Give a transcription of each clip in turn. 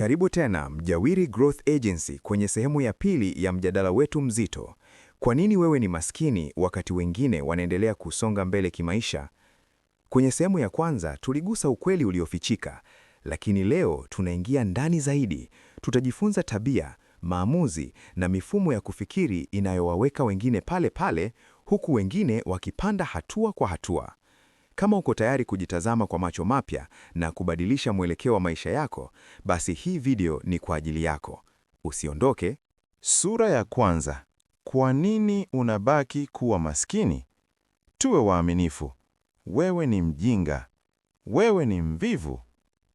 Karibu tena Mjawiri Growth Agency kwenye sehemu ya pili ya mjadala wetu mzito. Kwa nini wewe ni maskini wakati wengine wanaendelea kusonga mbele kimaisha? Kwenye sehemu ya kwanza tuligusa ukweli uliofichika, lakini leo tunaingia ndani zaidi. Tutajifunza tabia, maamuzi na mifumo ya kufikiri inayowaweka wengine pale pale huku wengine wakipanda hatua kwa hatua. Kama uko tayari kujitazama kwa macho mapya na kubadilisha mwelekeo wa maisha yako, basi hii video ni kwa ajili yako. Usiondoke. Sura ya kwanza. Kwa nini unabaki kuwa maskini? Tuwe waaminifu. Wewe ni mjinga. Wewe ni mvivu.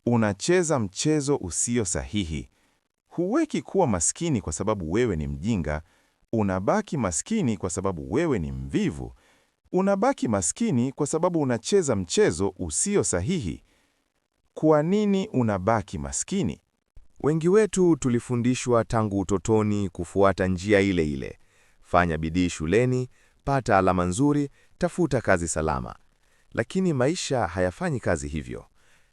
Unacheza mchezo usio sahihi. Huweki kuwa maskini kwa sababu wewe ni mjinga. Unabaki maskini kwa sababu wewe ni mvivu unabaki maskini kwa sababu unacheza mchezo usio sahihi. Kwa nini unabaki maskini? Wengi wetu tulifundishwa tangu utotoni kufuata njia ile ile: fanya bidii shuleni, pata alama nzuri, tafuta kazi salama. Lakini maisha hayafanyi kazi hivyo.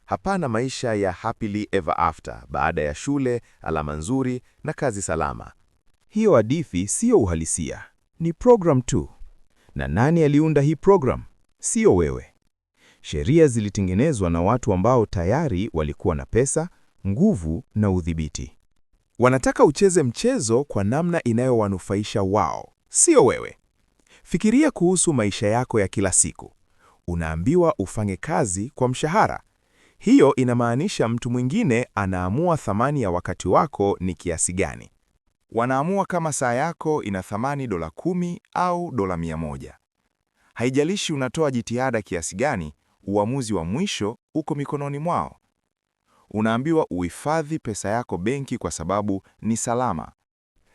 Hapana maisha ya happily ever after, baada ya shule, alama nzuri na kazi salama. Hiyo hadithi siyo uhalisia, ni program tu. Na nani aliunda hii program? Sio wewe. Sheria zilitengenezwa na watu ambao tayari walikuwa na pesa, nguvu na udhibiti. Wanataka ucheze mchezo kwa namna inayowanufaisha wao, sio wewe. Fikiria kuhusu maisha yako ya kila siku. Unaambiwa ufanye kazi kwa mshahara. Hiyo inamaanisha mtu mwingine anaamua thamani ya wakati wako ni kiasi gani. Wanaamua kama saa yako ina thamani dola kumi au dola mia moja. Haijalishi unatoa jitihada kiasi gani, uamuzi wa mwisho uko mikononi mwao. Unaambiwa uhifadhi pesa yako benki kwa sababu ni salama,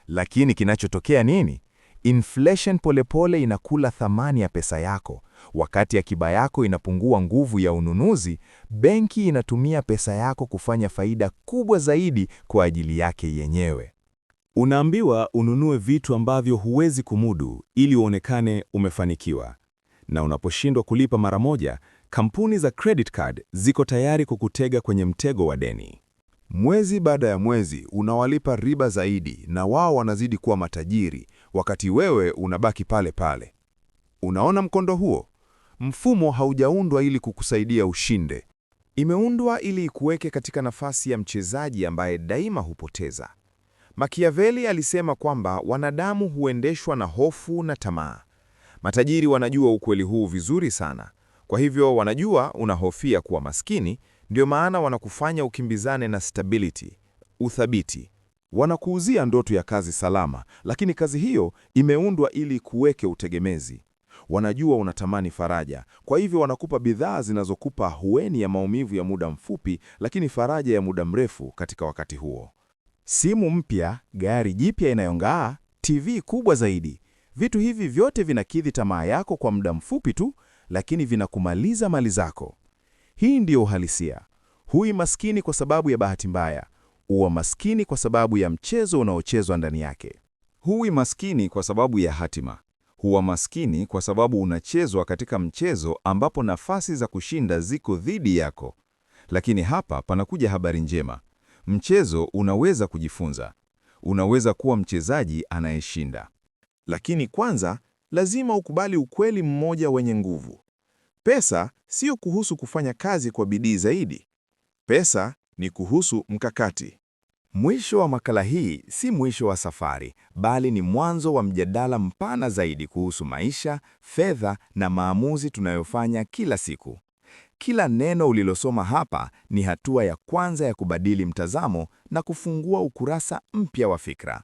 lakini kinachotokea nini? Inflation polepole inakula thamani ya pesa yako. Wakati akiba yako inapungua nguvu ya ununuzi, benki inatumia pesa yako kufanya faida kubwa zaidi kwa ajili yake yenyewe. Unaambiwa ununue vitu ambavyo huwezi kumudu ili uonekane umefanikiwa. Na unaposhindwa kulipa mara moja, kampuni za credit card ziko tayari kukutega kwenye mtego wa deni. Mwezi baada ya mwezi unawalipa riba zaidi, na wao wanazidi kuwa matajiri, wakati wewe unabaki pale pale. Unaona mkondo huo? Mfumo haujaundwa ili kukusaidia ushinde. Imeundwa ili ikuweke katika nafasi ya mchezaji ambaye daima hupoteza. Machiavelli alisema kwamba wanadamu huendeshwa na hofu na tamaa. Matajiri wanajua ukweli huu vizuri sana. Kwa hivyo wanajua unahofia kuwa maskini, ndio maana wanakufanya ukimbizane na stability, uthabiti. Wanakuuzia ndoto ya kazi salama, lakini kazi hiyo imeundwa ili kuweke utegemezi. Wanajua unatamani faraja, kwa hivyo wanakupa bidhaa zinazokupa hueni ya maumivu ya muda mfupi, lakini faraja ya muda mrefu katika wakati huo simu mpya, gari jipya inayong'aa, TV kubwa zaidi. Vitu hivi vyote vinakidhi tamaa yako kwa muda mfupi tu, lakini vinakumaliza mali zako. Hii ndiyo uhalisia. Hui maskini kwa sababu ya bahati mbaya, uwa maskini kwa sababu ya mchezo unaochezwa ndani yake. Hui maskini kwa sababu ya hatima, huwa maskini kwa sababu unachezwa katika mchezo ambapo nafasi za kushinda ziko dhidi yako. Lakini hapa panakuja habari njema. Mchezo unaweza kujifunza. Unaweza kuwa mchezaji anayeshinda. Lakini kwanza, lazima ukubali ukweli mmoja wenye nguvu. Pesa sio kuhusu kufanya kazi kwa bidii zaidi. Pesa ni kuhusu mkakati. Mwisho wa makala hii si mwisho wa safari, bali ni mwanzo wa mjadala mpana zaidi kuhusu maisha, fedha na maamuzi tunayofanya kila siku. Kila neno ulilosoma hapa ni hatua ya kwanza ya kubadili mtazamo na kufungua ukurasa mpya wa fikra.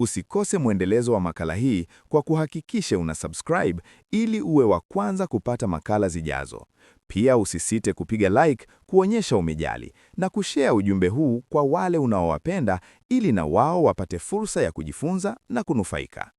Usikose mwendelezo wa makala hii kwa kuhakikishe una subscribe ili uwe wa kwanza kupata makala zijazo. Pia usisite kupiga like kuonyesha umejali na kushare ujumbe huu kwa wale unaowapenda ili na wao wapate fursa ya kujifunza na kunufaika.